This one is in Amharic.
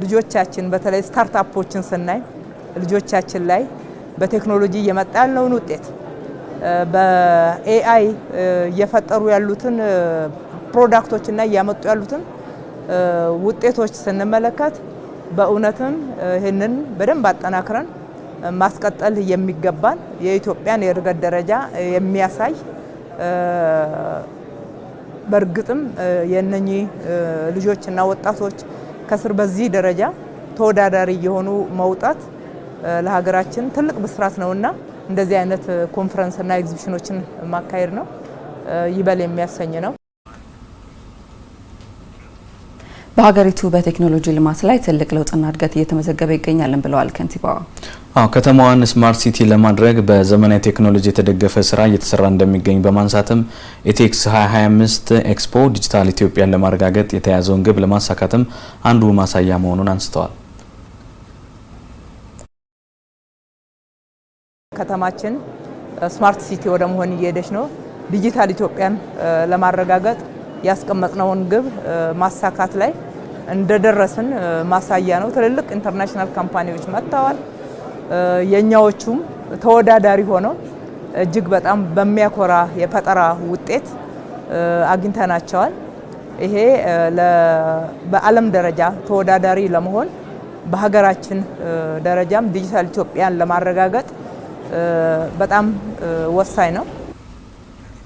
ልጆቻችን በተለይ ስታርታፖችን ስናይ ልጆቻችን ላይ በቴክኖሎጂ እየመጣ ያለውን ውጤት በኤአይ እየፈጠሩ ያሉትን ና እያመጡ ያሉትን ውጤቶች ስንመለከት በእውነትም ይህንን በደንብ አጠናክረን ማስቀጠል የሚገባን የኢትዮጵያን የእድገት ደረጃ የሚያሳይ በእርግጥም የእነኚህ ልጆችና ወጣቶች ከስር በዚህ ደረጃ ተወዳዳሪ እየሆኑ መውጣት ለሀገራችን ትልቅ ብስራት ነውና እንደዚህ አይነት ኮንፈረንስና ኤግዚቢሽኖችን ማካሄድ ነው ይበል የሚያሰኝ ነው። በሀገሪቱ በቴክኖሎጂ ልማት ላይ ትልቅ ለውጥና እድገት እየተመዘገበ ይገኛልን ብለዋል ከንቲባዋ። አዎ ከተማዋን ስማርት ሲቲ ለማድረግ በዘመናዊ ቴክኖሎጂ የተደገፈ ስራ እየተሰራ እንደሚገኝ በማንሳትም ኢቴክስ 2025 ኤክስፖ ዲጂታል ኢትዮጵያን ለማረጋገጥ የተያዘውን ግብ ለማሳካትም አንዱ ማሳያ መሆኑን አንስተዋል። ከተማችን ስማርት ሲቲ ወደ መሆን እየሄደች ነው። ዲጂታል ኢትዮጵያን ለማረጋገጥ ያስቀመጥነውን ግብ ማሳካት ላይ እንደደረስን ማሳያ ነው። ትልልቅ ኢንተርናሽናል ካምፓኒዎች መጥተዋል። የእኛዎቹም ተወዳዳሪ ሆነው እጅግ በጣም በሚያኮራ የፈጠራ ውጤት አግኝተናቸዋል። ይሄ በዓለም ደረጃ ተወዳዳሪ ለመሆን በሀገራችን ደረጃም ዲጂታል ኢትዮጵያን ለማረጋገጥ በጣም ወሳኝ ነው።